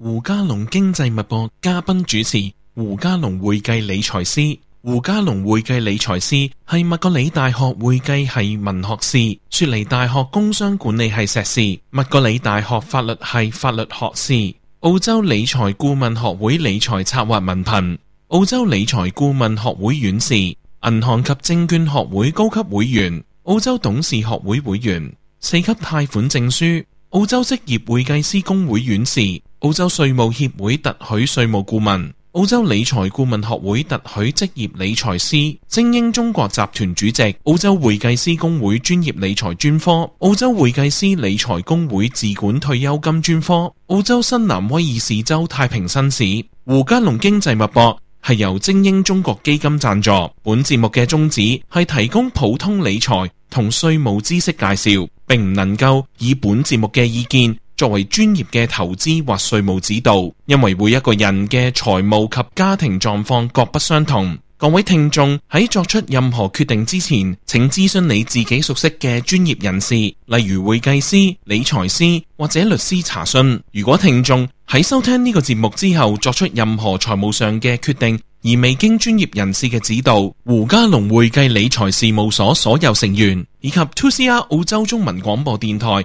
胡嘉龍經濟脈搏嘉賓主持。胡嘉龍會計理財師。胡嘉龍會計理財師係麥格里大學會計系文學士，雪梨大學工商管理系碩士，麥格里大學法律系法律學士，澳洲理財顧問學會理財策劃文憑，澳洲理財顧問學會院士，銀行及證券學會高級會員，澳洲董事學會會、會員，四級貸款證書，澳洲職業會計師公會院士。澳洲稅務協會特許稅務顧問，澳洲理財顧問學會特許職業理財師，精英中國集團主席，澳洲會計師公會專業理財專科，澳洲會計師理財公會自管退休金專科，澳洲新南威爾士州太平紳士。胡嘉龍經濟脈搏係由精英中國基金贊助。本節目嘅宗旨係提供普通理財同稅務知識介紹，並唔能夠以本節目嘅意見作為專業嘅投資或稅務指導，因為每一個人嘅財務及家庭狀況各不相同。各位聽眾喺作出任何決定之前，請諮詢你自己熟悉嘅專業人士，例如會計師、理財師或者律師查詢。如果聽眾喺收聽呢個節目之後作出任何財務上嘅決定，而未經專業人士嘅指導，胡嘉龍會計理財事務所所有成員以及 2CR 澳洲中文廣播電台。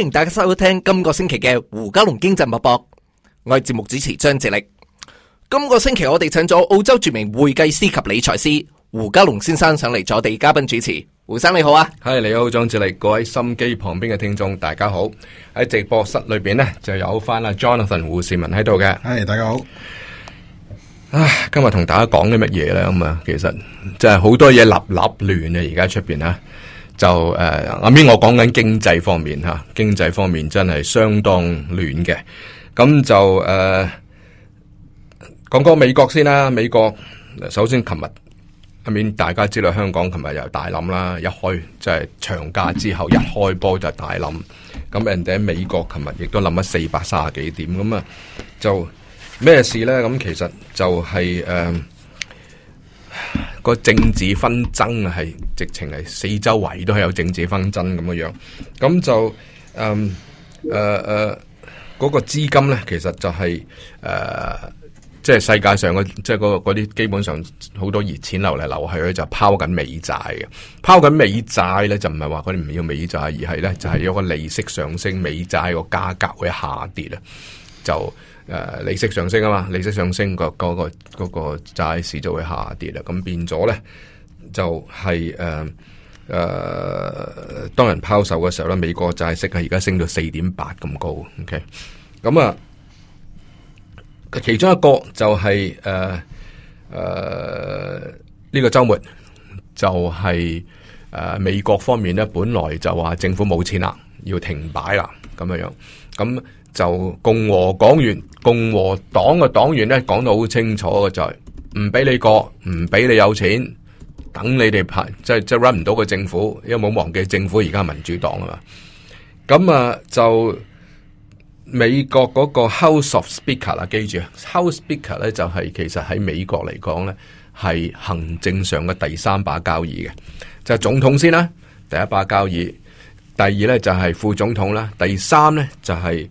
歡迎大家收聽今個星期嘅胡嘉龍經濟脈搏，我係節目主持張哲力。今個星期我哋請咗澳洲著名會計師及理財師胡嘉龍先生上嚟做我地嘉賓主持。胡生你好啊，係你好張哲力，各位心機旁邊嘅聽眾大家好。喺直播室裏邊呢就有翻阿 Jonathan 胡善文喺度嘅，係大家好。啊，今日同大家講啲乜嘢呢？咁啊，其實就係好多嘢立立亂啊！而家出邊啊。就誒，阿、啊、邊我講緊經濟方面吓，經濟方面真係相當亂嘅。咁就誒，講、啊、講美國先啦。美國首先，琴日阿邊大家知道，香港琴日又大冧啦，一開即係、就是、長假之後一開波就大冧。咁人哋喺美國，琴日亦都冧咗四百三十幾點。咁啊，就咩事咧？咁其實就係、是、誒。啊個政治紛爭係直情係四周圍都係有政治紛爭咁樣，咁就嗯誒誒，嗰、呃呃那個資金咧，其實就係、是、誒，即、呃、係、就是、世界上即係嗰個啲基本上好多熱錢流嚟流去就拋拋，就拋緊美債嘅，拋緊美債咧就唔係話佢哋唔要美債，而係咧就係、是、有個利息上升，美債個價格會下跌啦，就。誒，利息上升啊嘛，利息上升，嗰個嗰個嗰個債市就會下跌啦。咁變咗咧，就係誒誒，當人拋售嘅時候咧，美國債息係而家升到四點八咁高。OK，咁啊，其中一個就係誒誒，呢個周末就係誒美國方面咧，本來就話政府冇錢啦，要停擺啦，咁樣樣咁。就共和黨員、共和黨嘅黨員咧，講得好清楚嘅就係唔俾你過，唔俾你有錢，等你哋派，即係即係 run 唔到個政府，因為冇忘記政府而家係民主黨啊嘛。咁啊就美國嗰個 House Speaker 啦，記住 House Speaker 咧就係其實喺美國嚟講咧係行政上嘅第三把交椅嘅，就係、是、總統先啦，第一把交椅，第二咧就係副總統啦，第三咧就係、是。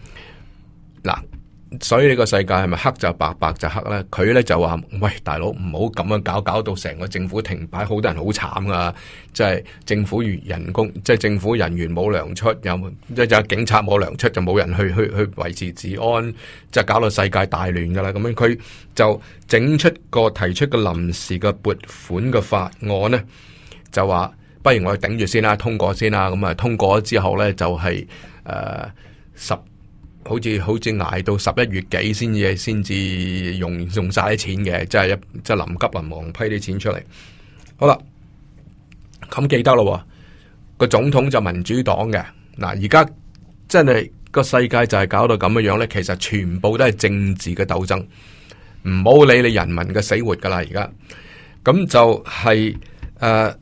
所以呢個世界係咪黑就白白就黑呢？佢呢就話，喂，大佬唔好咁樣搞，搞到成個政府停擺，好多人好慘啊！即係政府員人工，即係政府人員冇糧出，有即係警察冇糧出，就冇人去去維持治安，就搞到世界大亂噶啦！咁樣佢就整出個提出個臨時個撥款個法案呢，就話不如我哋頂住先啦，通過先啦。咁啊通過咗之後呢，就係誒十。好似好似挨到十一月幾先至先至用用晒啲錢嘅，即係一即係臨急臨忙批啲錢出嚟。好啦，咁記得咯，個總統就民主黨嘅嗱，而家真係個世界就係搞到咁樣樣咧。其實全部都係政治嘅鬥爭，唔好理你人民嘅死活噶啦。而家咁就係、是、誒。呃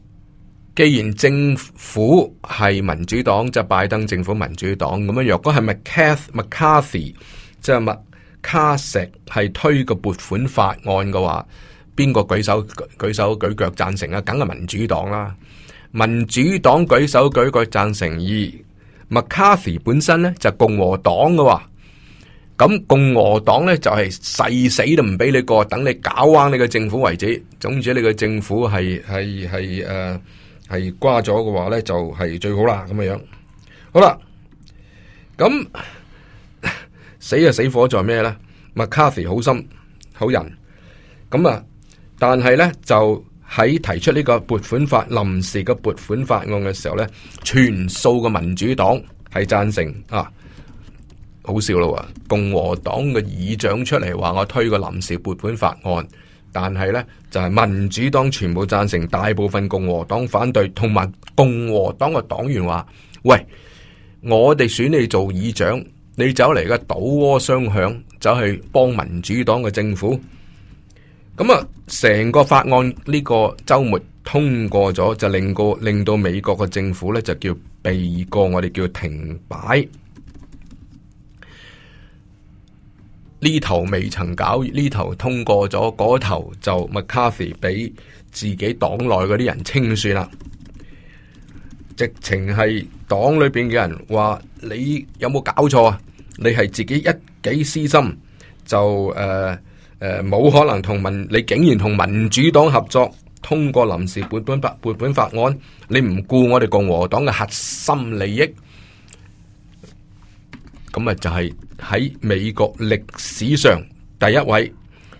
既然政府係民主黨，就是、拜登政府民主黨咁樣。若果係咪 Kath McCarthy 即係 McCarthy 係推個撥款法案嘅話，邊個舉手舉舉手舉腳贊成啊？梗係民主黨啦，民主黨舉手舉腳贊成。而 McCarthy 本身呢就是、共和黨嘅話，咁共和黨呢，就係、是、誓死都唔俾你過，等你搞彎你個政府為止。總之你個政府係係係誒。係瓜咗嘅話咧，就係最好啦咁嘅樣。好啦，咁死就死火在咩咧？麥卡錫好心好人咁啊！但係咧就喺提出呢個撥款法臨時嘅撥款法案嘅時候咧，全數嘅民主黨係贊成啊！好笑咯啊！共和黨嘅議長出嚟話我推個臨時撥款法案。但係呢，就係、是、民主黨全部贊成，大部分共和黨反對，同埋共和黨嘅黨員話：喂，我哋選你做議長，你走嚟嘅倒戈相向，走去幫民主黨嘅政府。咁、嗯、啊，成個法案呢個周末通過咗，就令，令到美國嘅政府呢，就叫被個我哋叫停擺。呢頭未曾搞，呢頭通過咗，嗰頭就麥卡錫俾自己黨內嗰啲人清算啦。直情係黨裏邊嘅人話：你有冇搞錯？你係自己一己私心就誒誒，冇、呃呃、可能同民，你竟然同民主黨合作通過臨時撥款法撥款法案，你唔顧我哋共和黨嘅核心利益。咁啊，就係喺美國歷史上第一位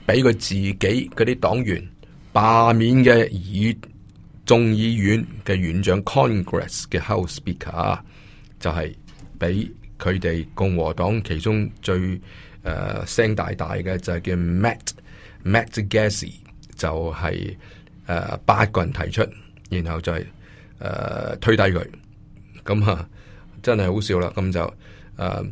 俾佢自己嗰啲黨員罷免嘅議眾議院嘅院長 Congress 嘅 House Speaker 啊，就係俾佢哋共和黨其中最誒、呃、聲大大嘅就係叫 Matt Gaetz 就係、是、誒、呃、八個人提出，然後就係誒推低佢，咁啊真係好笑啦！咁就誒。呃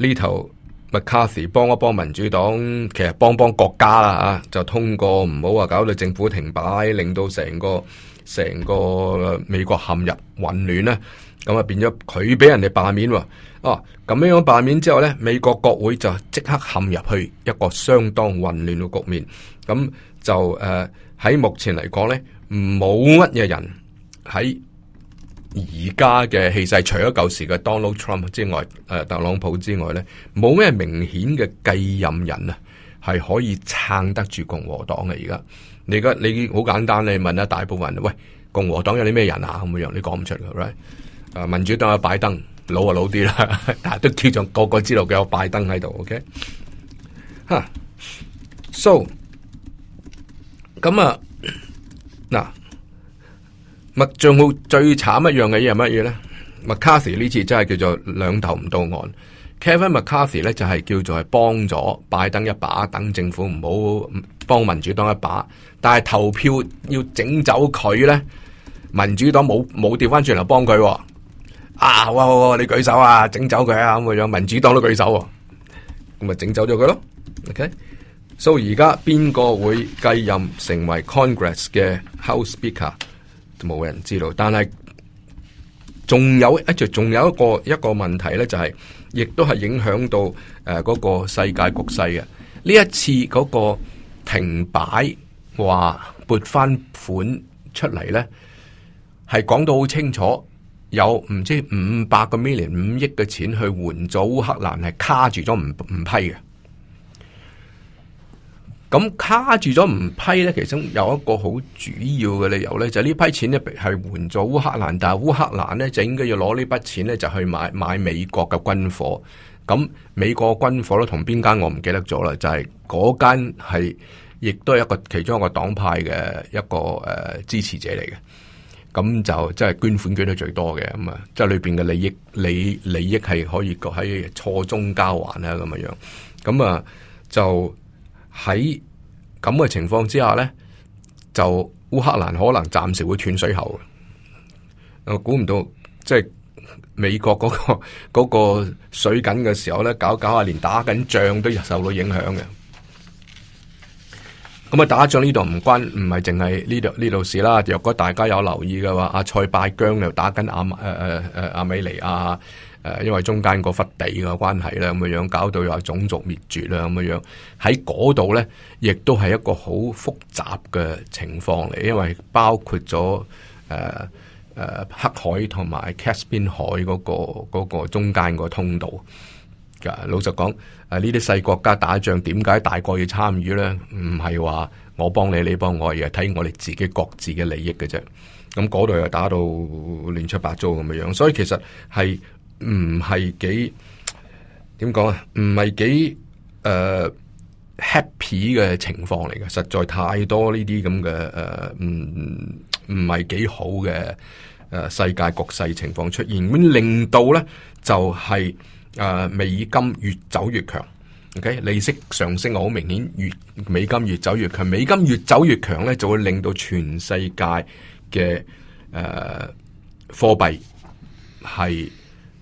呢頭麥卡錫幫一幫民主黨，其實幫幫國家啦吓、啊，就通過唔好話搞到政府停擺，令到成個成個美國陷入混亂咧。咁啊變咗佢俾人哋罷免喎。哦，咁樣樣罷免之後咧，美國國會就即刻陷入去一個相當混亂嘅局面。咁就誒喺、啊、目前嚟講咧，冇乜嘢人喺。而家嘅氣勢除咗舊時嘅 Donald Trump 之外，誒、呃、特朗普之外咧，冇咩明顯嘅繼任人啊，係可以撐得住共和黨嘅。而家你而家你好簡單，你問下大部分人喂，共和黨有啲咩人啊？咁樣你講唔出嘅，right？誒、呃，民主黨有拜登，老啊老啲啦， 都叫做個個知道嘅，有拜登喺度。OK，吓，so 咁啊，嗱。麥賬號最慘一樣嘅嘢係乜嘢咧？麥卡錫呢次真係叫做兩頭唔到岸。Kevin McCarthy 咧就係、是、叫做係幫咗拜登一把，等政府唔好幫民主黨一把。但係投票要整走佢咧，民主黨冇冇調翻轉頭幫佢？啊，好啊，你舉手啊，整走佢啊咁嘅樣，民主黨都舉手、啊，咁咪整走咗佢咯。OK，So 而家邊個會繼任成為 Congress 嘅 House Speaker？冇人知道，但係仲有一仲有一個，有一，個一個問題咧，就係、是、亦都係影響到誒嗰、呃那個世界局勢嘅。呢一次嗰個停擺話撥翻款出嚟咧，係講到好清楚，有唔知五百個 million 五億嘅錢去援助烏克蘭，係卡住咗唔唔批嘅。咁卡住咗唔批咧，其中有一個好主要嘅理由咧，就呢、是、批錢咧係援助烏克蘭，但係烏克蘭咧整嘅要攞呢筆錢咧就去買買美國嘅軍火。咁美國軍火咧同邊間我唔記得咗啦，就係嗰間係亦都係一個其中一個黨派嘅一個誒、呃、支持者嚟嘅。咁就即係、就是、捐款捐得最多嘅咁啊，即係裏邊嘅利益利利益係可以喺錯中交換啦咁樣樣。咁啊就。喺咁嘅情況之下咧，就烏克蘭可能暫時會斷水喉嘅。我估唔到，即係美國嗰、嗰個、嗰個水緊嘅時候咧，搞搞下連打緊仗都受到影響嘅。咁、嗯、啊，打仗呢度唔關，唔係淨係呢度呢度事啦。若果大家有留意嘅話，阿塞拜疆又打緊阿誒誒誒阿美尼亞。誒，因為中間個忽地嘅關係啦，咁嘅樣搞到又話種族滅絕啦，咁嘅樣喺嗰度咧，亦都係一個好複雜嘅情況嚟。因為包括咗誒誒黑海同埋喀斯邊海嗰個嗰個中間個通道。噶老實講，誒呢啲細國家打仗點解大國要參與咧？唔係話我幫你你幫我，而係睇我哋自己各自嘅利益嘅啫。咁嗰度又打到亂七八糟咁嘅樣，所以其實係。唔係幾點講啊？唔係幾誒、呃、happy 嘅情況嚟嘅，實在太多呢啲咁嘅誒，唔唔係幾好嘅誒、呃，世界局勢情況出現咁，令到咧就係誒美金越走越強。O K，利息上升好明顯，越美金越走越強，美金越走越強咧、okay?，就會令到全世界嘅誒貨幣係。呃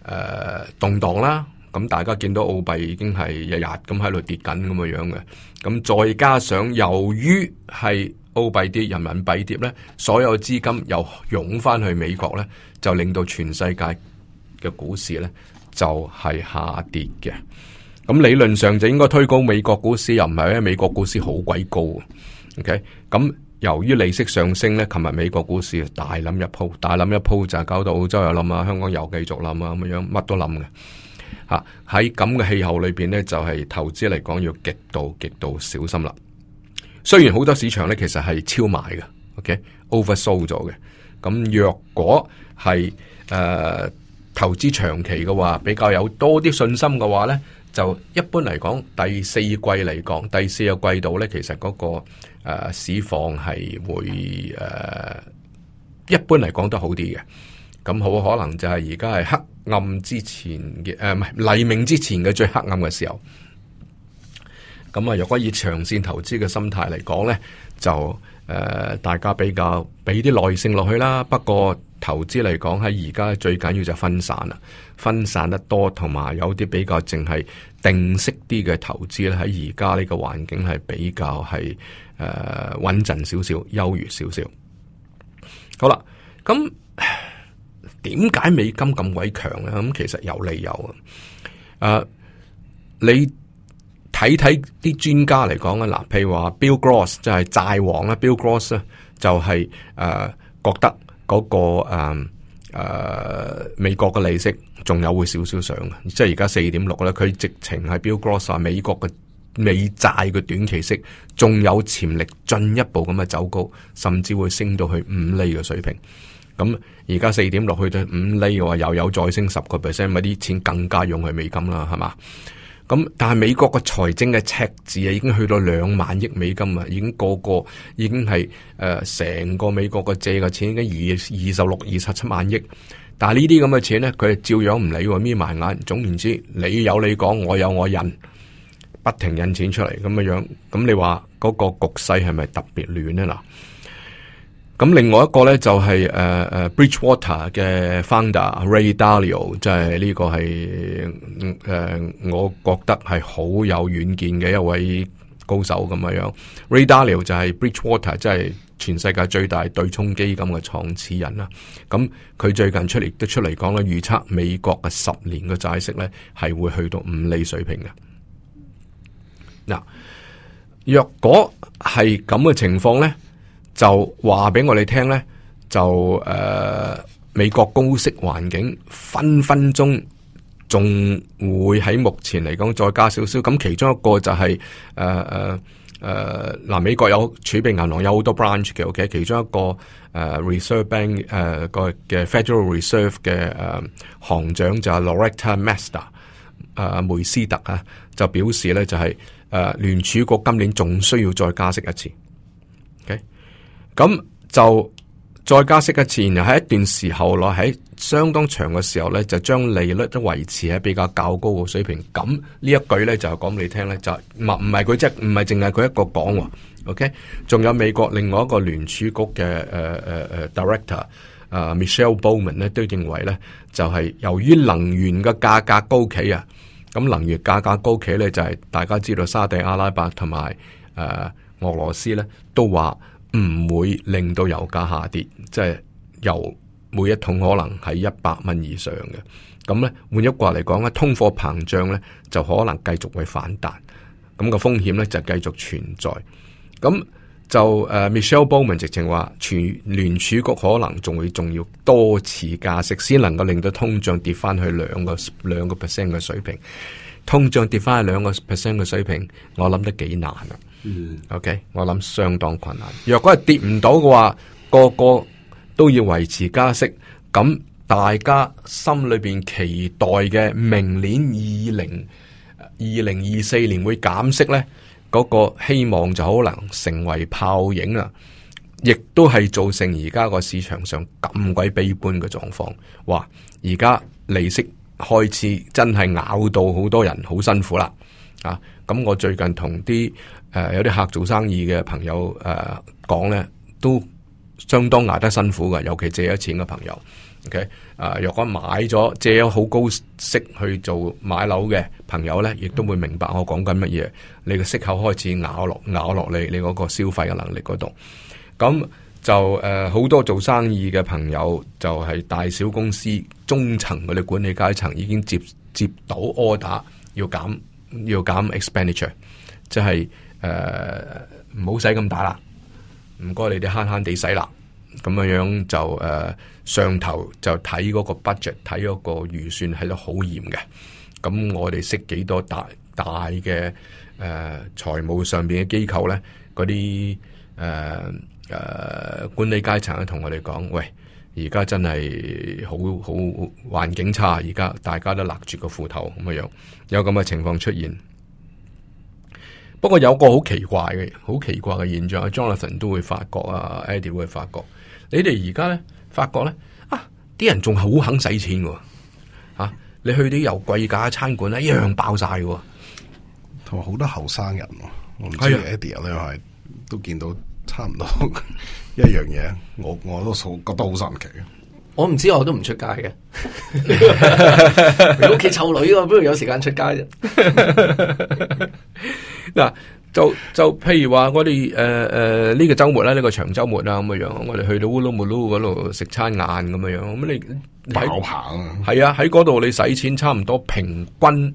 誒、呃，動盪啦，咁、嗯、大家見到澳幣已經係日日咁喺度跌緊咁嘅樣嘅，咁、嗯、再加上由於係澳幣跌，人民幣跌咧，所有資金又湧翻去美國咧，就令到全世界嘅股市咧就係、是、下跌嘅。咁、嗯、理論上就應該推高美國股市，又唔係咩？美國股市好鬼高，OK 咁、嗯。由於利息上升咧，琴日美國股市大冧一鋪，大冧一鋪就搞到澳洲又冧啊，香港又繼續冧啊咁樣，乜都冧嘅。吓喺咁嘅氣候裏邊咧，就係、是、投資嚟講要極度極度小心啦。雖然好多市場咧，其實係超賣嘅，OK over sold 咗嘅。咁若果係誒投資長期嘅話，比較有多啲信心嘅話咧，就一般嚟講第四季嚟講第四個季，季度咧，其實嗰、那個。誒、啊，市況係會誒、啊，一般嚟講都好啲嘅。咁好可能就係而家係黑暗之前嘅誒，唔、啊、係黎明之前嘅最黑暗嘅時候。咁啊，若果以長線投資嘅心態嚟講咧，就誒、啊，大家比較俾啲耐性落去啦。不過投資嚟講，喺而家最緊要就分散啦，分散得多同埋有啲比較淨係定息啲嘅投資咧，喺而家呢個環境係比較係。誒，穩陣少少，悠裕少少。好啦，咁點解美金咁鬼強咧？咁其實有理由啊。誒、呃，你睇睇啲專家嚟講咧，嗱、呃，譬如話 Bill Gross 就係債王啦，Bill Gross 咧就係、是、誒、呃、覺得嗰、那個誒誒、呃呃、美國嘅利息仲有會少少上嘅，即係而家四點六咧，佢直情係 Bill Gross 啊，美國嘅。美債嘅短期息仲有潛力進一步咁嘅走高，甚至會升到去五厘嘅水平。咁而家四點落去到五厘，哦，嘅話又有再升十個 percent，咪啲錢更加用去美金啦，係嘛？咁但係美國嘅財政嘅赤字啊，已經去到兩萬億美金啊，已經個個已經係誒成個美國嘅借嘅錢已經二二十六二十七萬億，但係呢啲咁嘅錢咧，佢係照樣唔理，眯埋眼。總言之，你有你講，我有我印。不停印錢出嚟咁嘅樣，咁你話嗰個局勢係咪特別亂咧？嗱，咁另外一個咧就係、是、誒誒、呃、Bridgewater 嘅 Founder Ray Dalio 即係呢個係誒、呃，我覺得係好有遠見嘅一位高手咁嘅樣。Ray Dalio 就係 Bridgewater，即係全世界最大對沖基金嘅創始人啦。咁佢最近出嚟都出嚟講咧，預測美國嘅十年嘅債息咧係會去到五厘水平嘅。若果係咁嘅情況呢，就話俾我哋聽呢，就誒、呃、美國高息環境分分鐘仲會喺目前嚟講再加少少。咁其中一個就係誒誒誒嗱，美國有儲備銀行有好多 branch 嘅，OK，其中一個誒、呃、Reserve Bank 誒個嘅 Federal Reserve 嘅、呃、行長就係 Loretta Mester，、呃、梅斯特啊，就表示呢就係、是。誒，聯儲、uh, 局今年仲需要再加息一次，OK？咁就再加息一次，然後喺一段時候咯，喺相當長嘅時候咧，就將利率都維持喺比較較高嘅水平。咁呢一句咧就係講俾你聽咧，就唔唔係佢即係唔係淨係佢一個講，OK？仲有美國另外一個聯儲局嘅誒誒誒 director，誒、uh, Michelle Bowman 咧都認為咧，就係、是、由於能源嘅價格高企啊。咁能源價格高企咧，就係、是、大家知道沙地阿拉伯同埋誒俄羅斯咧，都話唔會令到油價下跌，即、就、係、是、油每一桶可能係一百蚊以上嘅。咁咧換句話嚟講咧，通貨膨脹咧就可能繼續會反彈，咁個風險咧就繼續存在。咁就誒，Michelle Bowman 直情話，全聯儲局可能仲會仲要多次加息，先能夠令到通脹跌翻去兩個兩個 percent 嘅水平。通脹跌翻去兩個 percent 嘅水平，我諗得幾難啊！嗯，OK，我諗相當困難。若果係跌唔到嘅話，個個都要維持加息，咁大家心裏邊期待嘅明年二零二零二四年會減息呢？嗰個希望就可能成為泡影啊！亦都係造成而家個市場上咁鬼悲觀嘅狀況。哇！而家利息開始真係咬到好多人，好辛苦啦啊！咁我最近同啲誒有啲客做生意嘅朋友誒、呃、講咧，都，相當捱得辛苦嘅，尤其借咗錢嘅朋友。OK，啊、呃，若果買咗借咗好高息去做買樓嘅朋友咧，亦都會明白我講緊乜嘢。你嘅息口開始咬落咬落你，你嗰個消費嘅能力嗰度。咁就誒好、呃、多做生意嘅朋友，就係大小公司中層嗰啲管理階層已經接接到 order 要減要減 expenditure，即係誒唔好使咁大啦。唔、呃、該，你哋慳慳地使啦。咁樣樣就誒、呃，上頭就睇嗰個 budget，睇嗰個預算喺度好嚴嘅。咁我哋識幾多大,大大嘅誒財務上邊嘅機構咧，嗰啲誒誒管理階層咧同我哋講，喂，而家真係好好環境差，而家大家都勒住個褲頭咁樣樣，有咁嘅情況出現。不過有個好奇怪嘅好奇怪嘅現象，Jonathan 都會發覺啊，Eddie 會發覺。你哋而家咧，發覺咧啊，啲人仲好肯使錢嘅，吓、啊、你去啲又貴價嘅餐館咧，一樣爆晒嘅，同埋好多後生人，我唔知 Eddie 又係都見到差唔多一樣嘢，我我都覺得好神奇。我唔知我都唔出街嘅， 你屋企湊女啊，邊度有時間出街啫。嗱。 就就譬如話我哋誒誒呢個周末啦呢、呢個長周末啦咁樣樣，我哋去到烏嚕木嚕嗰度食餐晏咁樣樣，咁你喺下啊？係啊，喺嗰度你使錢差唔多平均誒、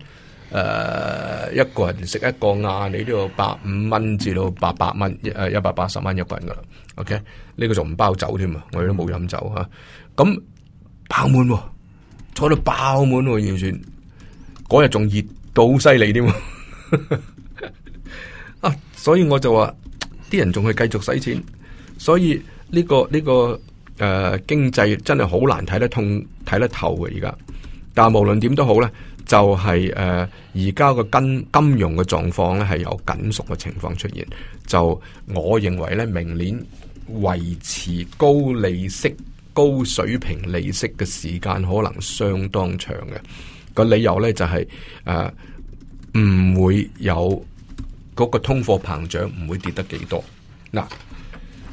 呃，一個人食一個晏，你都要百五蚊至到八百蚊一誒一百八十蚊一個人噶啦。OK，呢個仲唔包酒添、嗯、啊？我哋都冇飲酒吓，咁爆滿、啊，坐到爆滿、啊、完全，嗰日仲熱到犀利添。 啊！所以我就話，啲人仲係繼續使錢，所以呢、這個呢、這個誒、呃、經濟真係好難睇得通睇得透嘅而家。但係無論點都好呢，就係誒而家個金金融嘅狀況咧係有緊縮嘅情況出現。就我認為呢，明年維持高利息高水平利息嘅時間可能相當長嘅。個理由呢，就係誒唔會有。嗰個通貨膨脹唔會跌得幾多嗱，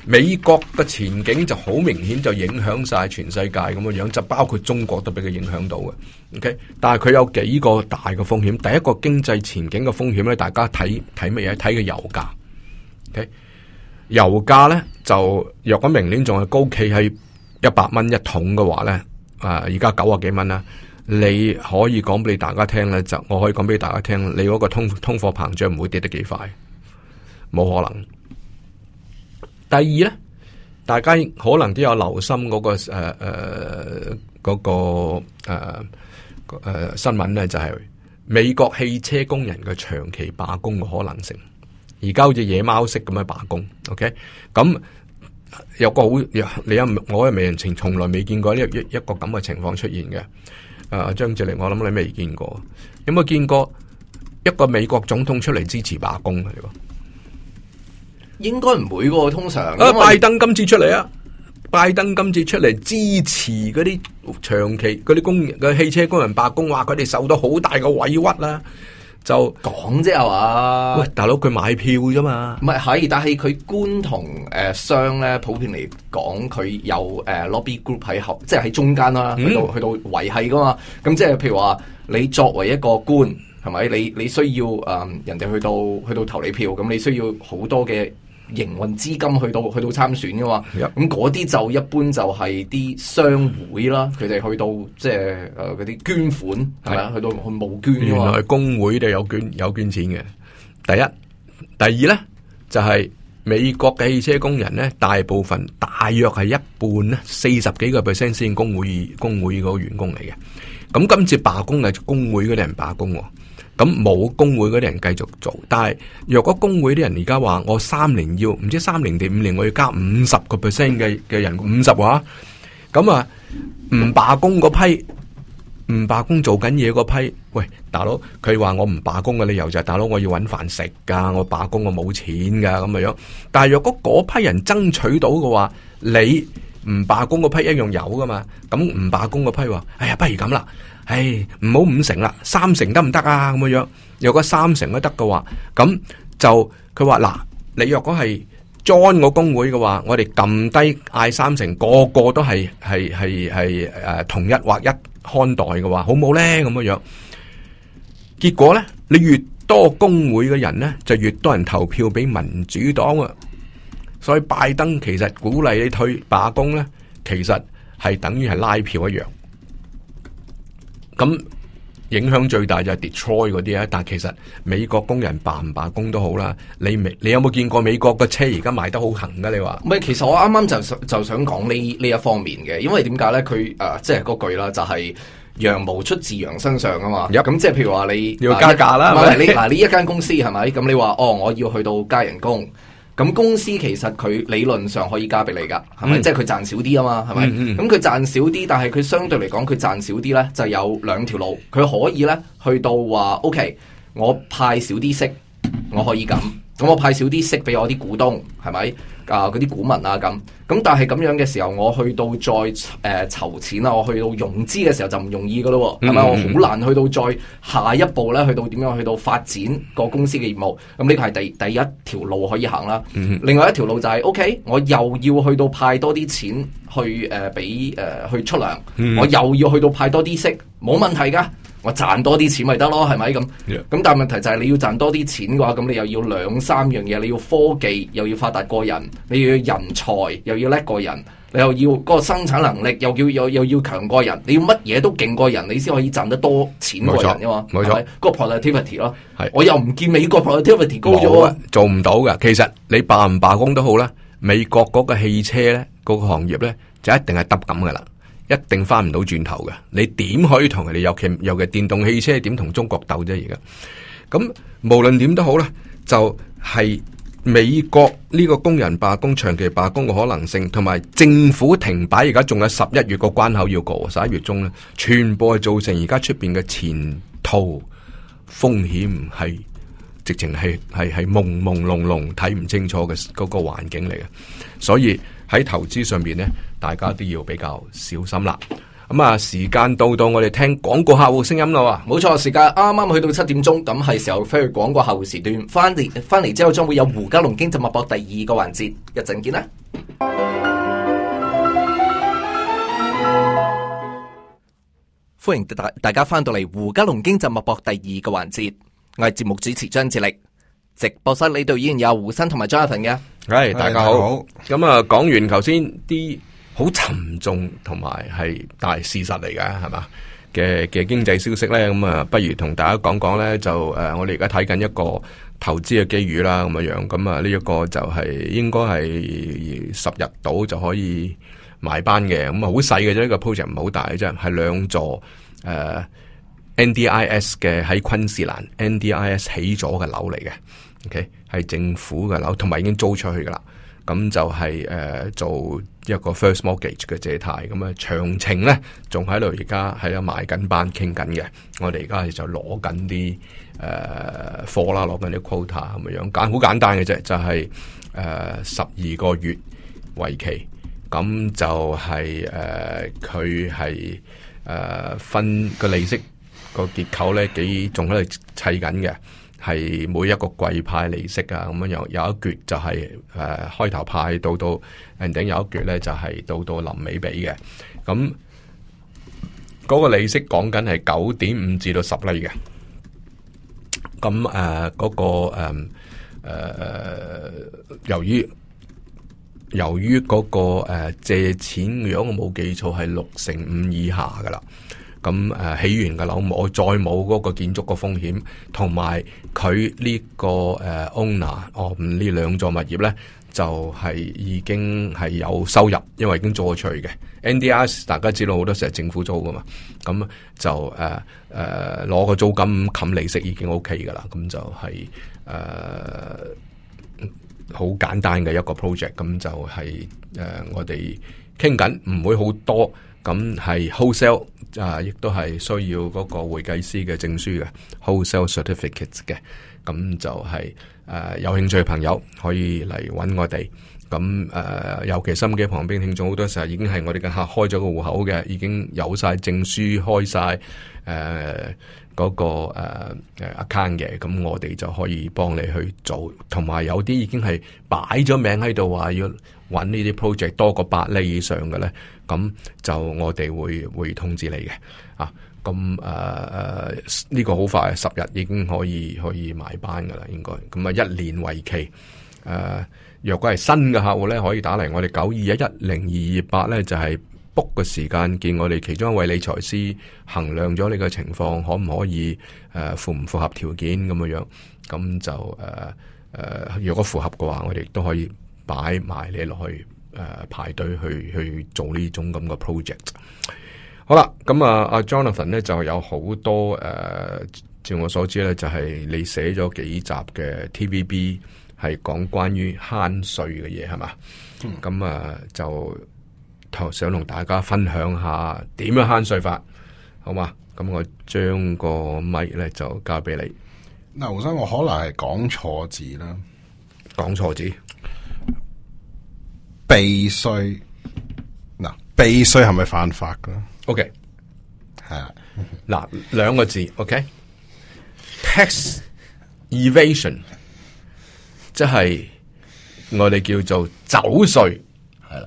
美國嘅前景就好明顯就影響晒全世界咁嘅樣，就包括中國都俾佢影響到嘅。OK，但係佢有幾個大嘅風險，第一個經濟前景嘅風險咧，大家睇睇乜嘢？睇嘅油價。OK，油價咧就若果明年仲係高企喺一百蚊一桶嘅話咧，誒而家九啊幾蚊啦。你可以講俾大家聽咧，就是，我可以講俾大家聽，你嗰個通通貨膨脹唔會跌得幾快，冇可能。第二咧，大家可能都有留心嗰、嗰個誒誒個誒誒新聞咧，就係美國汽車工人嘅長期罷工嘅可能性。而家好似野貓式咁樣罷工，OK？咁、嗯、有個好，你又我又未人情，從來未見過一一一個咁嘅情況出現嘅。啊，張智玲，我諗你未見過，有冇見過一個美國總統出嚟支持罷工？係應該唔會噶，通常。啊因為，拜，拜登今次出嚟啊，拜登今次出嚟支持嗰啲長期嗰啲工人，嘅汽車工人罷工，話佢哋受到好大嘅委屈啦。就講啫係嘛？喂，大佬佢買票啫嘛？唔係係，但係佢官同誒、呃、商咧，普遍嚟講，佢有誒、呃、lobby group 喺後，即係喺中間啦，嗯、去到去到維繫噶嘛。咁即係譬如話，你作為一個官係咪？你你需要誒、呃、人哋去到去到投你票，咁你需要好多嘅。營運資金去到去到參選噶，咁嗰啲就一般就係啲商會啦，佢哋去到即係誒嗰啲捐款係咪啊？去到去募捐。原來工會都有捐有捐錢嘅。第一、第二咧就係、是、美國嘅汽車工人咧，大部分大約係一半咧，四十幾個 percent 先工會工會個員工嚟嘅。咁今次罷工係工會嗰啲人罷工。咁冇工會嗰啲人繼續做，但係若果工會啲人而家話我三年要唔知三年定五年我要加五十個 percent 嘅嘅人五十話，咁啊唔罷工嗰批唔罷工做緊嘢嗰批，喂大佬佢話我唔罷工嘅理由就係大佬我要揾飯食噶，我罷工我冇錢噶咁嘅樣，但係若果嗰批人爭取到嘅話，你唔罷工嗰批一樣有噶嘛，咁唔罷工嗰批話，哎呀不如咁啦。誒，唔好五成啦，三成得唔得啊？咁樣，若果三成都得嘅話，咁就佢話嗱，你若果係 join 個工會嘅話，我哋撳低嗌三成，個個都係係係係誒同一或一看待嘅話，好唔好咧？咁樣，結果咧，你越多工會嘅人咧，就越多人投票俾民主黨啊。所以拜登其實鼓勵你退罷工咧，其實係等於係拉票一樣。咁影響最大就係 Detroit 嗰啲啊，但係其實美國工人罷唔罷工都好啦。你美你有冇見過美國嘅車而家賣得好行㗎？你話唔係，其實我啱啱就就想講呢呢一方面嘅，因為點解咧？佢誒即係嗰句啦，就係羊毛出自羊身上啊嘛。咁 Yep,、嗯、即係譬如話你要加價啦，唔係你嗱呢是、 啊、一間公司係咪？咁、嗯、你話哦，我要去到加人工。咁公司其實佢理論上可以加俾你噶，係咪？嗯、即係佢賺少啲啊嘛，係咪？咁佢、嗯嗯、賺少啲，但係佢相對嚟講佢賺少啲呢，就有兩條路，佢可以呢去到話，OK，我派少啲息，我可以咁。咁我派少啲息俾我啲股東，係咪啊？嗰啲股民啊，咁咁，但係咁樣嘅時候，我去到再誒、呃、籌錢啊，我去到融資嘅時候就唔容易噶咯，係咪？嗯嗯嗯。我好難去到再下一步咧，去到點樣去到發展個公司嘅業務？咁呢個係第第一條路可以行啦。嗯嗯。另外一條路就係、是、，OK，我又要去到派多啲錢去誒，俾、呃、誒、呃、去出糧，嗯嗯嗯嗯。我又要去到派多啲息，冇問題噶。我賺多啲錢咪得咯，係咪咁？咁 Yeah. 但係問題就係你要賺多啲錢嘅話，咁你又要兩三樣嘢，你要科技又要發達過人，你要人才又要叻過人，你又要個生產能力又要又又要強過人，你要乜嘢都勁過人，你先可以賺得多錢過人噶嘛？冇錯，個 productivity 咯。是我又唔見美國 productivity 高咗。冇啊，做唔到噶。其實你罷唔罷工都好啦，美國嗰個汽車咧，嗰、嗰個行業咧就一定係得咁噶啦。一定翻唔到轉頭嘅，你點可以同人哋尤其尤其電動汽車點同中國鬥啫？而家咁無論點都好啦，就係美國呢個工人罷工長期罷工嘅可能性，同埋政府停擺，而家仲有十一月個關口要過十一月中咧，全部係造成而家出邊嘅前途風險係直情係係係朦朦朧朧睇唔清楚嘅嗰個環境嚟嘅，所以喺投資上邊咧。大家都要比較小心啦。咁、嗯、啊，時間到到我哋聽廣告客戶嘅聲音咯啊！冇錯，時間啱啱去到七點鐘，咁係時候飛去廣告客戶時段。翻嚟翻嚟之後，將會有胡嘉龍經濟脈搏第二個環節，一陣見啦。 歡迎大大家翻到嚟胡嘉龍經濟脈搏第二個環節，我係節目主持張志力。直播室呢度已經有胡生同埋 Jonathan 嘅。係、hey, 大家好。咁啊，講完頭先啲。好沉重同埋係大事實嚟嘅，係嘛嘅嘅經濟消息呢，咁啊，不如同大家講講呢，就誒、呃，我哋而家睇緊一個投資嘅機遇啦，咁樣樣，咁啊呢一個就係應該係十日到就可以埋班嘅，咁啊好細嘅啫，呢個 project 唔係好大嘅啫，係兩座誒、呃、NDIS 嘅喺昆士蘭 NDIS 起咗嘅樓嚟嘅，OK 係政府嘅樓，同埋已經租出去噶啦，咁就係、是、誒、呃、做。一個 first mortgage 嘅借貸，咁啊，詳情咧仲喺度，而家喺度買緊班傾緊嘅。我哋而家就攞緊啲誒貨啦，攞緊啲 quota 咁嘅樣，簡好簡單嘅啫，就係誒十二個月為期，咁就係誒佢係誒分個利息個結構咧幾仲喺度砌緊嘅。係每一個季派利息啊，咁樣有有一撅就係、是、誒、呃、開頭派到到 ending 有一撅咧就係到到臨尾俾嘅，咁嗰、那個利息講緊係九點五至到十厘嘅，咁誒嗰個誒誒、呃呃、由於由於嗰、那個誒、呃、借錢，如果我冇記錯係六成五以下噶啦。咁誒起完嘅樓，我、啊、再冇嗰個建築個風險，同埋佢呢個誒、呃、owner，哦，呢兩座物業咧就係、是、已經係有收入，因為已經做咗出去嘅。NDR 大家知道好多時係政府租噶嘛，咁就誒誒攞個租金冚利息已經 OK 噶啦，咁就係誒好簡單嘅一個 project，咁就係、是、誒、呃、我哋傾緊，唔會好多。咁係 wholesale，啊，亦都係需要嗰個會計師嘅證書嘅 wholesale certificates 嘅。咁就係、是、誒、啊、有興趣嘅朋友可以嚟揾我哋。咁誒、啊，尤其心機旁邊聽眾好多時候，已經係我哋嘅客戶開咗個戶口嘅，已經有晒證書，開晒誒嗰個誒、啊、account 嘅。咁我哋就可以幫你去做。同埋有啲已經係擺咗名喺度話要。揾呢啲 project 多過百厘以上嘅呢，咁就我哋會會通知你嘅，啊，咁誒誒呢個好快十日已經可以可以埋班噶啦，應該，咁啊一年為期，誒、啊、若果係新嘅客戶呢，可以打嚟我哋九二一一零二二八呢，就係、是、book 嘅時間見我哋其中一位理財師衡量咗你嘅情況可唔可以誒、啊、符唔符合條件咁樣樣，咁就誒誒若果符合嘅話，我哋都可以。擺埋你落去誒、呃，排隊去去做呢種咁嘅 project。好啦，咁、嗯、啊，阿、嗯、Jonathan 咧就有好多誒，照、呃、我所知咧，就係、是、你寫咗幾集嘅 TVB 係講關於慳稅嘅嘢係嘛？咁啊、嗯嗯嗯、就想同大家分享下點樣慳稅法，好嘛？咁、嗯嗯嗯、我將個咪咧就交俾你。嗱，胡生，我可能係講錯字啦，講錯字。避稅嗱，避稅係咪犯法噶？O K，係啊，嗱 Okay. 兩個字，O、okay? K，tax evasion，即係我哋叫做走稅，係啦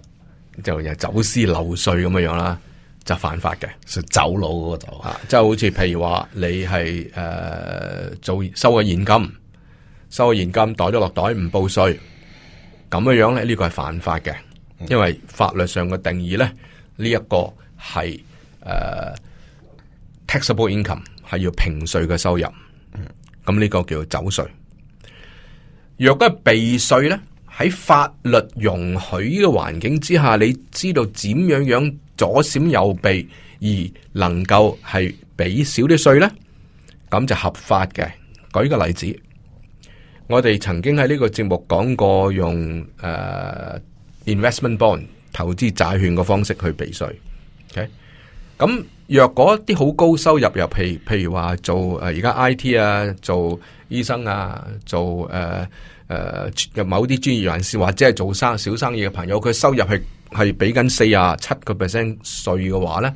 的，就又走私漏稅咁樣樣啦，就犯法嘅，就的走佬嗰度即係好似譬如話你係誒、呃、做收嘅現金，收嘅現金袋咗落袋唔報稅。咁嘅樣咧，呢個係犯法嘅，因為法律上嘅定義呢，呢、呢、一個係誒、uh, taxable income 係要平稅嘅收入，咁呢個叫做走稅。若果係避稅呢，喺法律容許嘅環境之下，你知道點樣樣左閃右避而能夠係俾少啲稅呢，咁就合法嘅。舉個例子。我哋曾經喺呢個節目講過用誒、uh, investment bond 投資債券嘅方式去避稅。咁、okay? 若果啲好高收入又，譬譬如話做誒而、呃、家 I T 啊，做醫生啊，做誒誒、呃呃、某啲專業人士或者係做生小生意嘅朋友，佢收入係係俾緊四啊七個 percent 稅嘅話咧。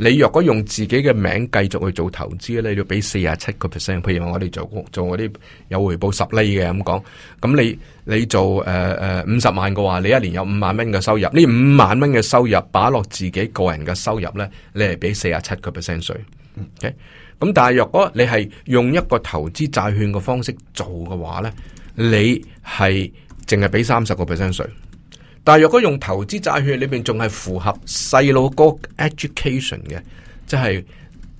你若果用自己嘅名繼續去做投資咧，你要俾四十七個 percent。譬如話我哋做做嗰啲有回報十厘嘅咁講，咁你你做誒誒五十萬嘅話，你一年有五萬蚊嘅收入，呢五萬蚊嘅收入，把落自己個人嘅收入咧，你係俾四十七個 percent 稅。okay? 咁但係若果你係用一個投資債券嘅方式做嘅話咧，你係淨係俾三十個 percent 稅。稅但係如果用投資債券裏邊仲係符合細路個 education 嘅，即係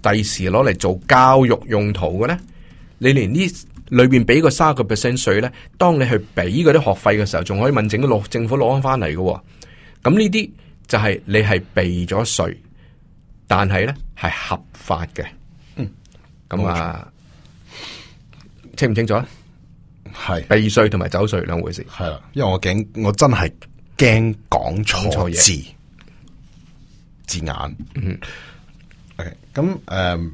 第時攞嚟做教育用途嘅咧，你連裡面呢裏邊俾個三十個 percent 稅咧，當你去俾嗰啲學費嘅時候，仲可以問政府攞翻嚟嘅，咁呢啲就係你係避咗稅，但係咧係合法嘅。嗯，咁啊，嗯、清唔清楚啊？係是避稅同埋走稅兩回事。係，因為我驚我真係。驚講錯字字眼，咁誒、mm，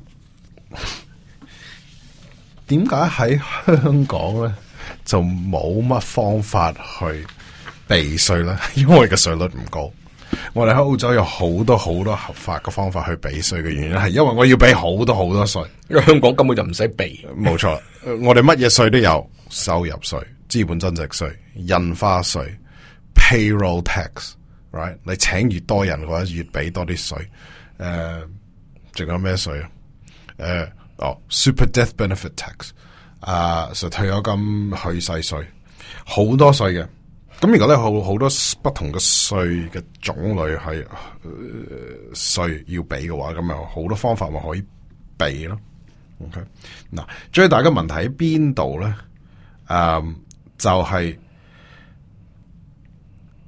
點解喺香港咧就冇乜方法去避稅咧？ 因為個稅率唔高。 我哋喺澳洲有好多好多合法嘅方法去避稅嘅原因係因為我要避好多好多稅， 因為香港根本就唔使避。冇 錯，我哋乜嘢稅都有，收入稅、資本增值稅、印花稅。Payroll tax，right？你請越多人嘅話，越俾多啲稅。誒、uh，仲有咩稅啊？誒，哦，super death benefit tax，啊，就退休金去世稅，好多稅嘅。咁如果咧好好多不同嘅稅嘅種類係稅要俾嘅話，咁啊好多方法咪可以避咯。OK，嗱，最大嘅問題喺邊度咧？啊、uh，就係、是。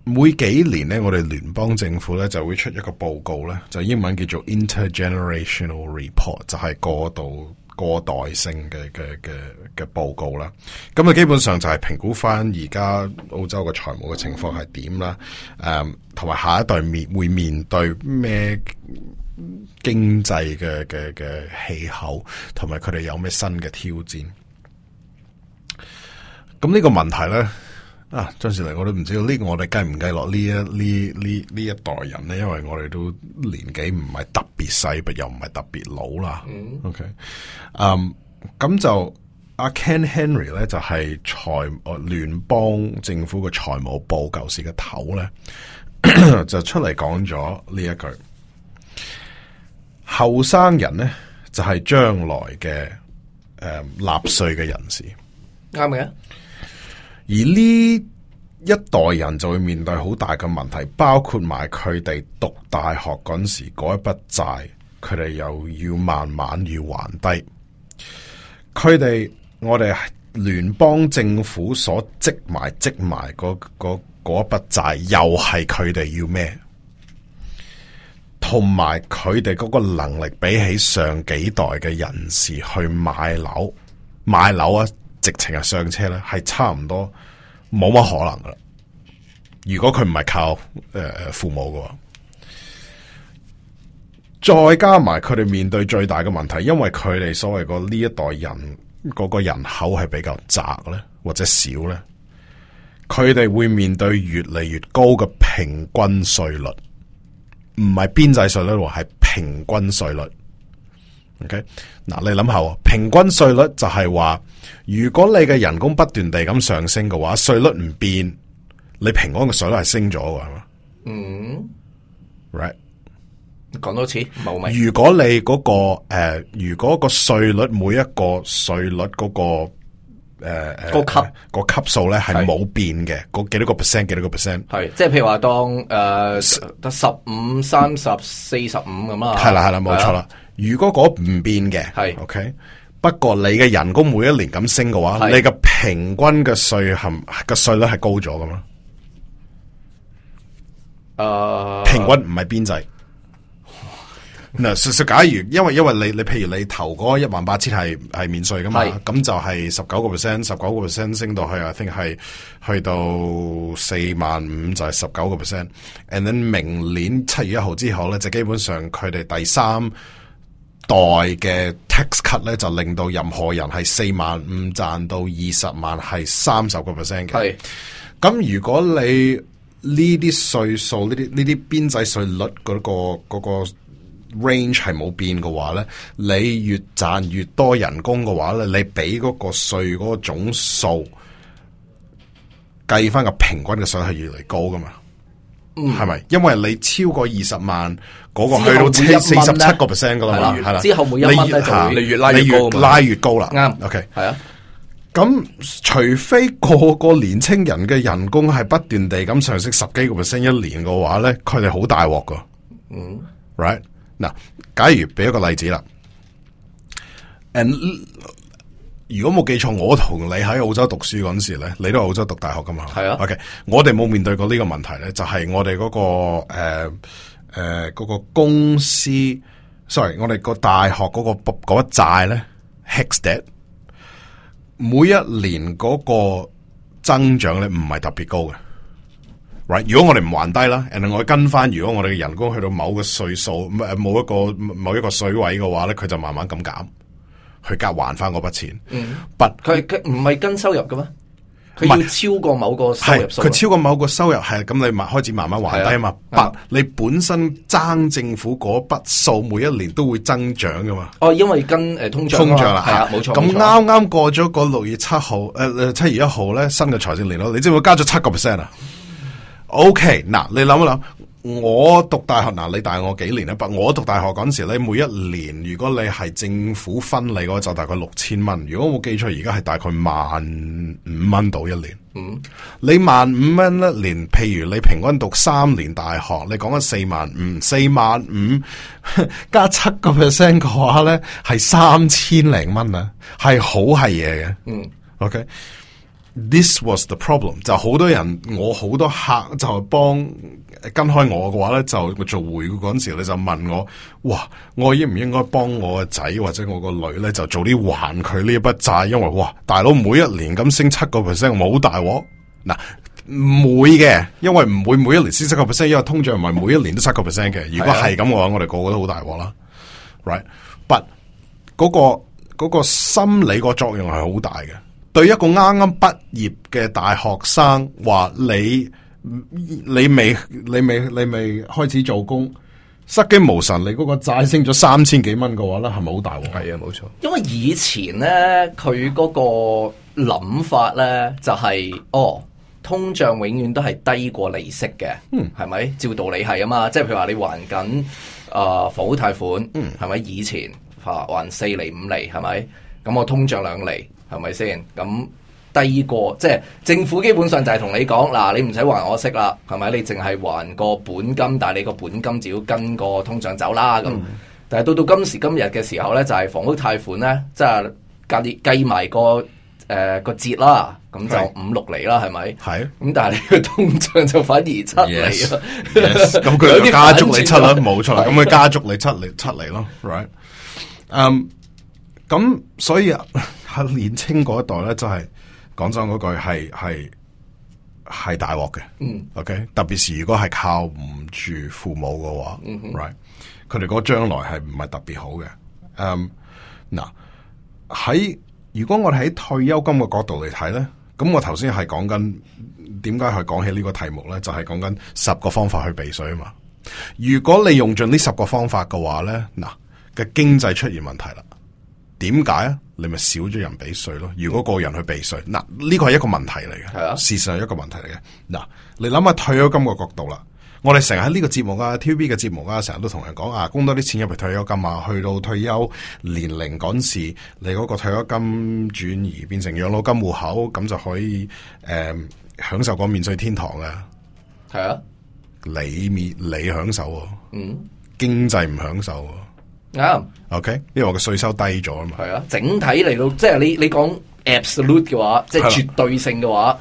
每幾年呢，我哋聯邦政府呢就會出一個報告呢，就英文叫做 Intergenerational Report，就係過度過代性嘅嘅嘅嘅報告啦。咁啊，基本上就係評估翻而家澳洲嘅財務嘅情況係點啦。誒、嗯，同埋下一代會面會面對咩經濟嘅嘅嘅氣候，同埋佢哋有咩新嘅挑戰。咁呢個問題呢。啊，張士麗，我都唔知道呢個我哋計唔計落呢一呢呢呢一代人咧，因為我哋都年紀唔係特別細，又唔係特別老啦。OK，嗯，咁、okay. um, 就阿 Ken Henry 咧就係、是、財、呃、聯邦政府嘅財務部舊時嘅頭咧， 就出嚟講咗呢一句：後生人咧就係、是、將來嘅誒納稅嘅人士，啱嘅。而呢一代人就會面對好大嘅問題，包括埋佢哋讀大學嗰時嗰一筆債，佢哋又要慢慢要還低。佢哋我哋聯邦政府所積埋積埋嗰嗰嗰筆債，又係佢哋要孭。同埋佢哋嗰個能力比起上幾代嘅人士去買樓，買樓啊！直情係上車咧，係差唔多冇乜可能噶喇。如果佢唔係靠誒、呃、父母嘅話，再加埋佢哋面對最大嘅問題，因為佢哋所謂個呢一代人嗰個人口係比較窄咧，或者少咧，佢哋會面對越嚟越高嘅平均稅率，唔係邊際稅率喎，係平均稅率。OK，嗱你諗下，平均稅率就係話，如果你嘅人工不斷地咁上升嘅話，稅率唔變，你平均嘅稅率係升咗嘅係嘛？是是嗯，right，講多次冇問題、那個呃？如果你嗰個誒，如果個稅率每一個稅率嗰、那個。誒，個、呃、級個、呃、級數咧係冇變嘅，嗰是幾多個 percent，幾多個 percent，係即係譬如話當誒得、呃、十,十五、三十、四十五咁啊，係啦係啦冇錯啦。啦錯啦。呃、如果嗰唔變嘅，係是 OK。不過你嘅人工每一年咁升嘅話，是你嘅平均嘅稅含嘅稅率係高咗咁咯？誒、呃，平均唔係邊際。嗱，假如、no，因為因為你你，譬如你投嗰一萬八千係係免稅噶嘛，咁是就係十九個 percent，十九個 percent 升到去，我 think 係去到四萬五，就係十九個 percent。And then 明年七月一號之後咧，就基本上佢哋第三代嘅 tax cut 咧，就令到任何人係四萬五賺到二十萬係三十個 percent 嘅。咁是如果你呢啲稅數，呢啲呢啲邊際稅率嗰、那個個。那個 Range 係冇變嘅話咧，你越賺越多人工嘅話咧，你俾嗰個稅嗰個總數計翻個平均嘅稅係越嚟越高噶嘛？嗯，係咪？因為你超過二十萬嗰個去到四十七個 percent 噶啦，係啦，之後每一蚊越拉越高，越拉越高啦。啱對，OK，係啊。咁除非個個年青人嘅人工係不斷地咁上升十幾個 percent 一年嘅話咧，佢哋好大鑊噶。嗯，right。嗱，Now, 假如俾一個例子啦，誒，如果冇記錯，我同你喺澳洲讀書嗰陣時咧，你都喺澳洲讀大學噶嘛？係啊。OK，我哋冇面對過呢個問題咧，就係、是、我哋嗰、那個誒誒、呃呃那個、公司，sorry，我哋個大學嗰、那個嗰一、那個、債咧，HECS，debt 每一年嗰個增長咧，唔係特別高嘅。Right, 如果我哋唔還低啦，誒我、嗯、跟翻，如果我哋嘅人工去到某個歲數，冇一個某一個水位嘅話咧，佢就慢慢咁減，去加還翻嗰筆錢。嗯，But, 不，佢佢唔係跟收入嘅咩？佢要超過某個收入。佢超過某個收入係，咁你咪開始慢慢還低嘛？不的，你本身爭政府嗰筆數每一年都會增長噶嘛？哦，因為跟誒、呃、通脹、啊、通脹啦，係冇錯。咁啱啱過咗個六月七號，誒、呃、七月一號咧，新嘅財政年度，你知唔知會加咗七個 percent 啊？O K，嗱，你諗一諗，我讀大學嗱，你大我幾年咧？不，我讀大學嗰時咧，你每一年如果你係政府分利嘅就大概六千蚊。如果我記錯，而家係大概萬五蚊到一年。嗯，1 你萬五蚊一年，譬如你平均讀三年大學，你講緊四萬五，四萬五加七個 percent 嘅話咧，係三千零蚊啊，係好係嘢嘅。嗯，O K。Okay? This was the problem，就好多人，我好多客就幫跟開我嘅話呢，就做回嗰陣時，你就問我，哇，我應唔應該幫我個仔或者我個女呢就早啲還佢呢一筆債？因為哇，大佬每一年咁升七個 percent，我好大鑊。嗱，唔、nah, 會嘅，因為唔會每一年升七個 percent，因為通脹唔係每一年都七個 percent 嘅。如果係咁嘅話，啊、我哋個個都好大鑊啦。Right，but 嗰、那個嗰、那個心理個作用係好大嘅。對一個啱啱畢業嘅大學生話，你你，你未你未你未，你未開始做工失驚無神你嗰個債升咗三千幾蚊嘅話咧係咪好大鑊？係啊，冇錯。因為以前咧，佢嗰個諗法咧就係、是、哦，通脹永遠都係低過利息嘅，係咪、嗯？照道理係啊嘛，即係譬如話你還緊啊房屋貸款，係咪、嗯、以前、啊、還四厘五厘，係咪？咁我通脹兩厘。係咪先？咁、嗯、低過即係政府，基本上就係同你講嗱，你唔使還我息啦，係咪？你淨係還個本金，但係你個本金就要跟個通脹走啦。咁，嗯、但係到到今時今日嘅時候咧，就係、是、房屋貸款咧，即係隔跌計埋個誒、呃、個折啦，咁就五六 Right. 厘啦，係咪？係、啊。咁但係你個通脹就反而七厘咯。咁佢加足你七厘，冇錯。咁佢加足你七厘，七厘咯。Right、um, 嗯。嗯、咁、嗯、所以啊。 年青嗰一代咧、就是，就係講真嗰句，係係係大鑊嘅。嗯、mm hmm.，OK，特別是如果係靠唔住父母嘅話、mm hmm.，right，佢哋個將來係唔係特別好嘅。嗯、um,，嗱喺如果我哋喺退休金嘅角度嚟睇咧，咁我頭先係講緊點解係講起呢個題目咧，就係講緊十個方法去避稅啊嘛。如果你用盡呢十個方法嘅話咧，嗱嘅經濟出現問題啦。點解啊？你咪少咗人畀稅咯如果個人去避稅，嗱，呢個係一個問題嚟嘅，啊、事實上係一個問題嚟嘅。嗱，你諗下退休金個角度啦，我哋成日喺呢個節目啊、TVB 嘅節目啊，成日都同人講啊，供多啲錢入去退休金啊，去到退休年齡嗰時，你嗰個退休金轉移變成養老金戶口，咁就可以誒、呃、享受個免稅天堂啊。係啊，你免你享受，嗯，經濟唔享受。啱，OK，因為個稅收低咗啊嘛，係啊，整體嚟到即係你你講 absolute 嘅話，嗯、即係絕對性嘅話，的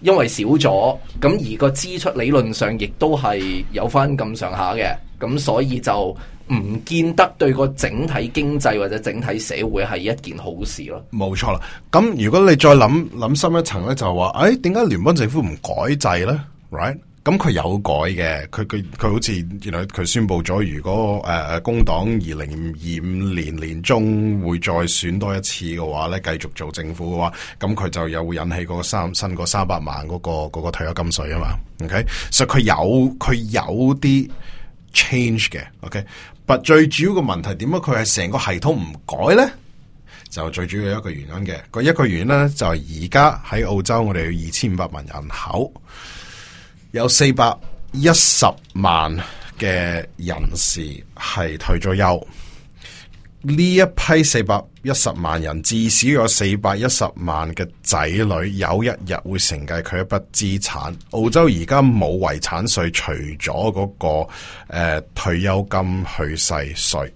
因為少咗，咁而個支出理論上亦都係有翻咁上下嘅，咁所以就唔見得對個整體經濟或者整體社會係一件好事咯。冇錯啦，咁如果你再諗諗深一層咧，就話誒，點解聯邦政府唔改制咧？Right？咁佢、嗯、有改嘅，佢佢佢好似原來佢宣布咗，如果誒、呃、工黨二零二五年年中會再選多一次嘅話咧，繼續做政府嘅話，咁、嗯、佢就又會引起嗰個三新、嗰個三百萬嗰個個退休金稅啊嘛。OK，所、so, 佢有佢有啲 change 嘅。OK，But 最主要個問題點解佢係成個系統唔改咧？就最主要一個原因嘅。一個原因咧就係而家喺澳洲，我哋有二千五百萬人口。有四百一十萬嘅人士係退咗休，呢一批四百一十萬人至少有四百一十萬嘅仔女有一日會承繼佢一筆資產。澳洲而家冇遺產稅，除咗嗰、那個誒、呃、退休金去世稅，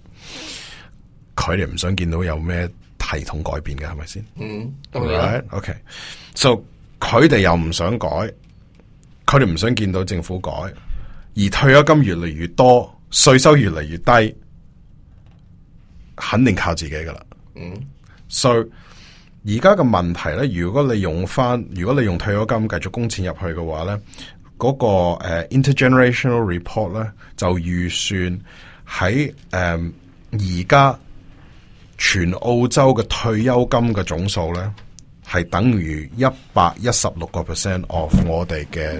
佢哋唔想見到有咩系統改變嘅係咪先？嗯，係 OK, So 佢哋又唔想改。佢哋唔想見到政府改，而退休金越嚟越多，稅收越嚟越低，肯定靠自己㗎喇。嗯，所以而家嘅問題咧，如果你用返，如果你用退休金繼續供錢入去嘅話咧，嗰、嗰個、uh, intergenerational report 咧，就預算喺誒而家全澳洲嘅退休金嘅總數咧，係等於一百一十六個 percent of 我哋嘅。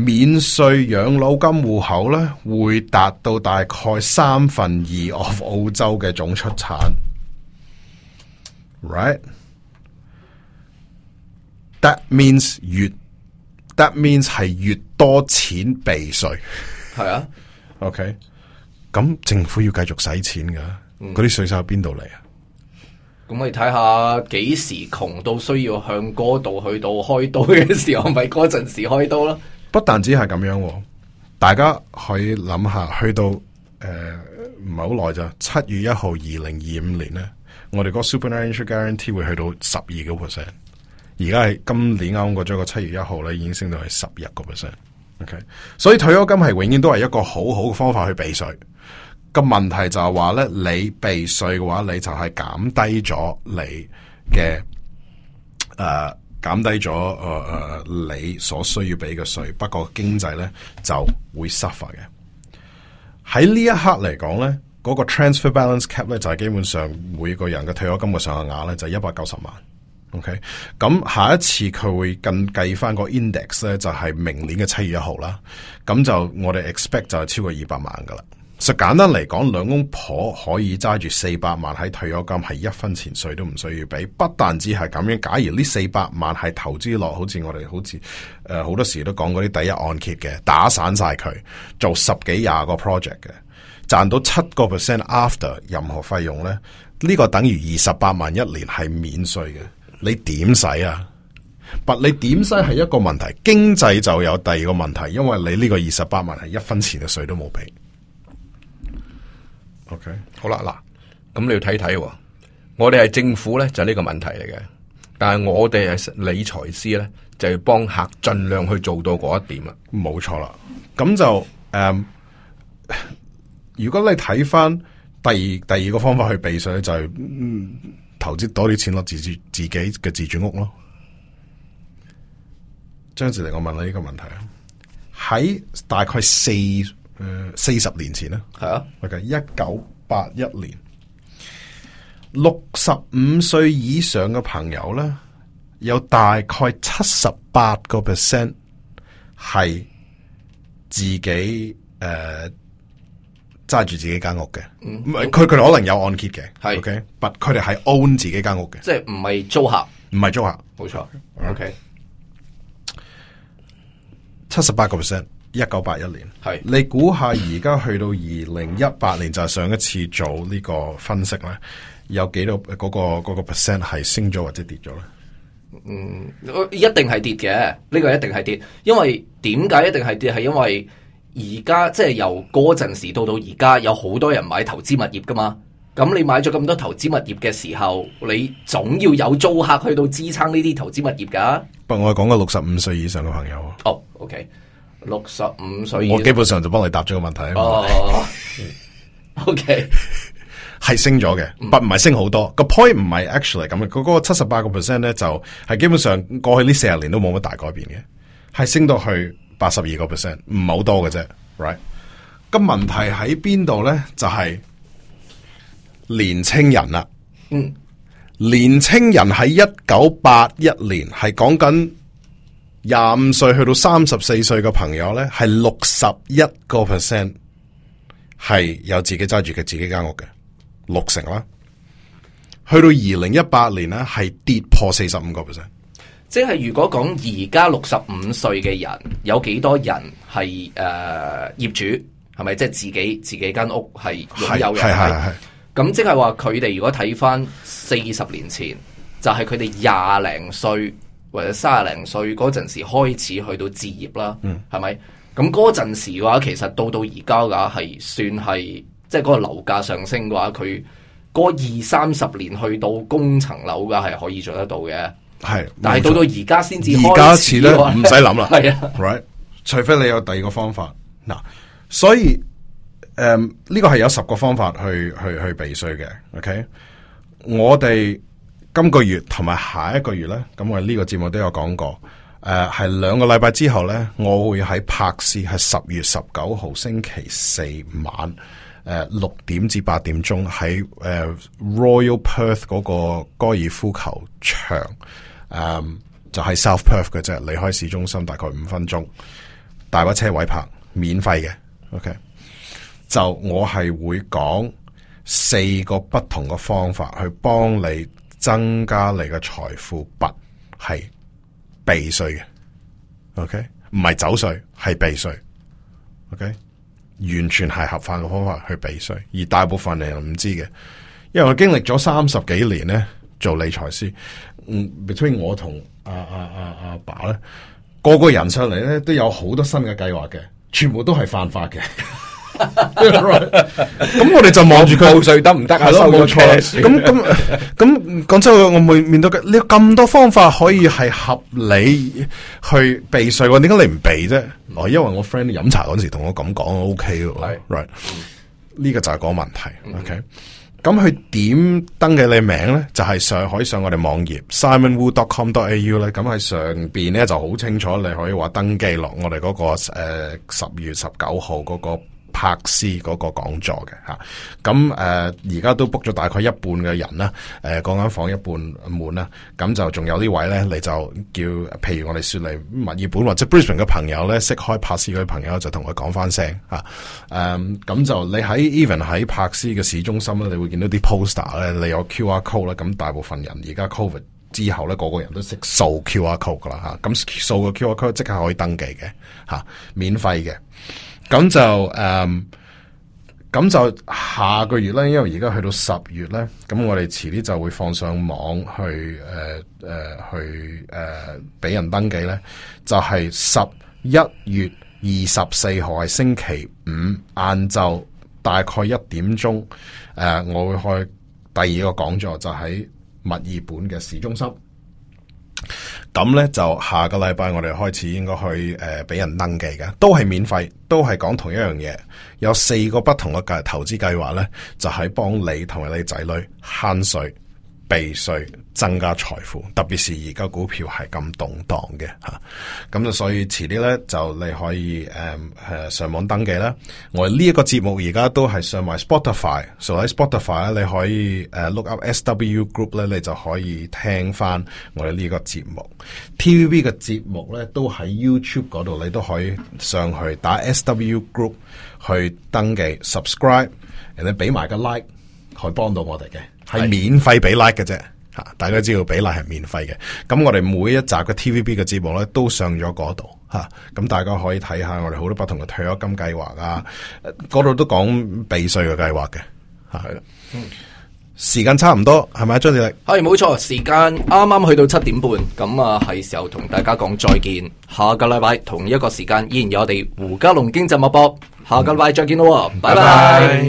免稅養老金戶口咧，會達到大概三分二 of 澳澳洲嘅總出產，right？That means 越、That means 係越多錢避稅，係啊？OK，咁政府要繼續使錢噶，嗰啲稅收喺邊度嚟啊？咁我哋睇下幾時窮到需要向嗰度去到開刀嘅時候，咪嗰陣時開刀咯。不但只係咁樣，大家可以諗下去到誒唔係好耐咋。呃，七月一號二零二五年咧，我哋個 superannuation guarantee 會去到十二個 percent。而家係今年啱過咗個七月一號咧，已經升到去十一個 percent。OK，所以退休金係永遠都係一個好好嘅方法去避稅。個問題就係話咧，你避稅嘅話，你就係減低咗你嘅誒。嗯 uh, 減低咗誒誒，你所需要俾嘅稅，不過經濟咧就會 suffer 嘅。喺呢一刻嚟講咧，嗰、那個 transfer balance cap 咧就係、是、基本上每個人嘅退休金嘅上限額咧就係一百九十萬。OK，咁下一次佢會更計翻個 index 咧就係、是、明年嘅七月一號啦。咁就我哋 expect 就係超過二百萬噶啦。就簡單嚟講，兩公婆可以揸住四百萬喺退休金，係一分錢稅都唔需要俾。不但止係咁樣，假如呢四百萬係投資落，好似我哋好似誒，呃，好多時都講嗰啲第一按揭嘅打散晒佢，做十幾廿個 project 嘅，賺到七個 percent after 任何費用呢，呢，呢個等於二十八萬一年係免稅嘅。你點使啊？不，你點使係一個問題，經濟就有第二個問題，因為你呢個二十八萬係一分錢嘅稅都冇俾。OK，好啦，嗱，咁你要睇睇，我哋係政府咧就係呢個問題嚟嘅。但係我哋係理財師咧就要幫客盡量去做到嗰一點啦，冇錯啦，咁就誒，um, 如果你睇翻第二第二個方法去避稅就係，嗯，投資多啲錢落自住自己嘅自住屋咯。張志玲，我問你呢個問題啊，喺大概四。誒，四十年前啦，係啊，ok，一九八一年，六十五歲以上嘅朋友咧，有大概七十八個 percent 係自己誒揸住自己間屋嘅，唔係佢佢可能有按揭嘅，係是，ok，but，佢哋係 own 自己間屋嘅，即係唔係租客，唔係租客，冇錯，ok，七十八個 percent。1981, 是一九八一年，係你估下而家去到二零一八年就係上一次做呢個分析咧，有幾多嗰、那個、那個 percent 係、那個、升咗或者跌咗咧？嗯，一定係跌嘅，呢、這個一定係跌，因為點解一定係跌？係因為而家即係由嗰陣時到到而家，有好多人買投資物業噶嘛。咁你買咗咁多投資物業嘅時候，你總要有租客去到支撐呢啲投資物業噶、啊。不過，我係講個六十五歲以上嘅朋友啊。哦、oh,，OK。六十五歲，65, 我基本上就幫你答咗個問題。OK 係升咗嘅，mm. 不唔係升好多 point ually, 個 point 唔係 actually 咁嘅，佢嗰個七十八個 percent 咧就係、是、基本上過去呢四十年都冇乜大改變嘅，係升到去八十二個 percent，唔係好多嘅啫。Right，咁問題喺邊度咧？就係、是、年青人啦，嗯，mm. 年青人喺一九八一年係講緊。廿五歲去到三十四歲嘅朋友呢，係六十一個 percent 係有自己揸住嘅自己間屋嘅六成啦。去到二零一八年呢，係跌破四十五個 percent。即係如果講而家六十五歲嘅人，有幾多人係誒、呃、業主？係咪即係自己自己間屋係擁有嘅？係係係。咁即係話佢哋如果睇返四十年前，就係佢哋廿零歲。或者三十零歲嗰陣時開始去到置業啦，係咪、嗯？咁嗰陣時嘅話，其實到到而家嘅話，係算係即係嗰個樓價上升嘅話，佢嗰二三十年去到供層樓嘅係可以做得到嘅。係是，但係到到而家先至開始咧，唔使諗啦。係 是啊，right？除非你有第二個方法嗱，所以誒呢、um, 個係有十個方法去去去避稅嘅。OK，我哋。今個月同埋下一個月呢，咁我呢個節目都有講過，誒係兩個禮拜之後呢，我會喺柏斯，係十月十九號星期四晚，誒六點至八點鐘喺誒 Royal Perth 嗰個高爾夫球場，誒、呃、就喺 South Perth 嘅啫，離開市中心大概五分鐘，大把車位泊免費嘅，OK，就我係會講四個不同嘅方法去幫你。增加你嘅財富不係避稅嘅，OK，唔係走稅，係避稅，OK，完全係合法嘅方法去避稅，而大部分人唔知嘅，因為我經歷咗三十幾年咧做理財師，嗯，between 我同阿阿阿阿爸咧，個個人上嚟咧都有好多新嘅計劃嘅，全部都係犯法嘅。 咁我哋就望住佢報稅得唔得啊？冇錯，咁咁咁，講真我會面對嘅，你有咁多方法可以係合理去避稅嘅，點解你唔避啫？我因為我 friend 飲茶嗰陣時同我咁講，O K right 呢個就係個問題。O K，咁佢點登記你名咧，就係、是、上海上我哋網頁 simonwu.com.au o 咧，咁喺上邊咧就好清楚，你可以話登記落我哋嗰個誒十月十九號嗰個。呃柏斯嗰個講座嘅吓，咁誒而家都 book 咗大概一半嘅人啦，誒嗰間房一半滿啦，咁、啊、就仲有啲位咧，你就叫，譬如我哋雪梨墨爾本或者 Brisbane 嘅朋友咧，識開柏斯嘅朋友就同佢講翻聲吓，誒、啊、咁、啊、就你喺 even 喺柏斯嘅市中心咧，你會見到啲 poster 咧，你有 QR code 啦、啊。咁大部分人而家 covid 之後咧，個個人都識掃 QR code 噶啦吓，咁、啊、掃個 QR code 即刻可以登記嘅吓、啊，免費嘅。咁就誒，咁、um, 就下個月咧，因為而家去到十月咧，咁我哋遲啲就會放上網去誒誒去誒俾人登記咧，就係十一月二十四號係星期五晏晝大概一點鐘誒，uh, 我會開第二個講座就喺墨爾本嘅市中心。咁咧就下個禮拜我哋開始應該去誒俾、呃、人登記嘅，都係免費，都係講同一樣嘢，有四個不同嘅計投資計劃咧，就係、是、幫你同埋你仔女慳稅。避稅增加財富，特別是而家股票係咁動盪嘅吓，咁、啊、就所以遲啲咧就你可以誒誒、um, uh, 上網登記啦。我哋、so、呢一個節目而家都係上埋 Spotify，所以喺 Spotify 咧你可以誒、uh, look up S W Group 咧，你就可以聽翻我哋呢個節目。T V B 嘅節目咧都喺 YouTube 嗰度，你都可以上去打 S W Group 去登記 subscribe，人哋俾埋個 like，可以幫到我哋嘅。係免費俾 like 嘅啫。吓，大家知道俾 like 係免費嘅。咁我哋每一集嘅 TVB 嘅節目咧，都上咗嗰度吓。咁大家可以睇下我哋好多不同嘅退休金計劃啊，嗰度，呃、都講避稅嘅計劃嘅吓。係啦，嗯，時間差唔多，係咪啊，張志力？係冇錯，時間啱啱去到七點半，咁啊係時候同大家講再見。下個禮拜同一個時間，依然有我哋胡嘉龍經濟脈搏。下個禮拜再見咯，拜拜。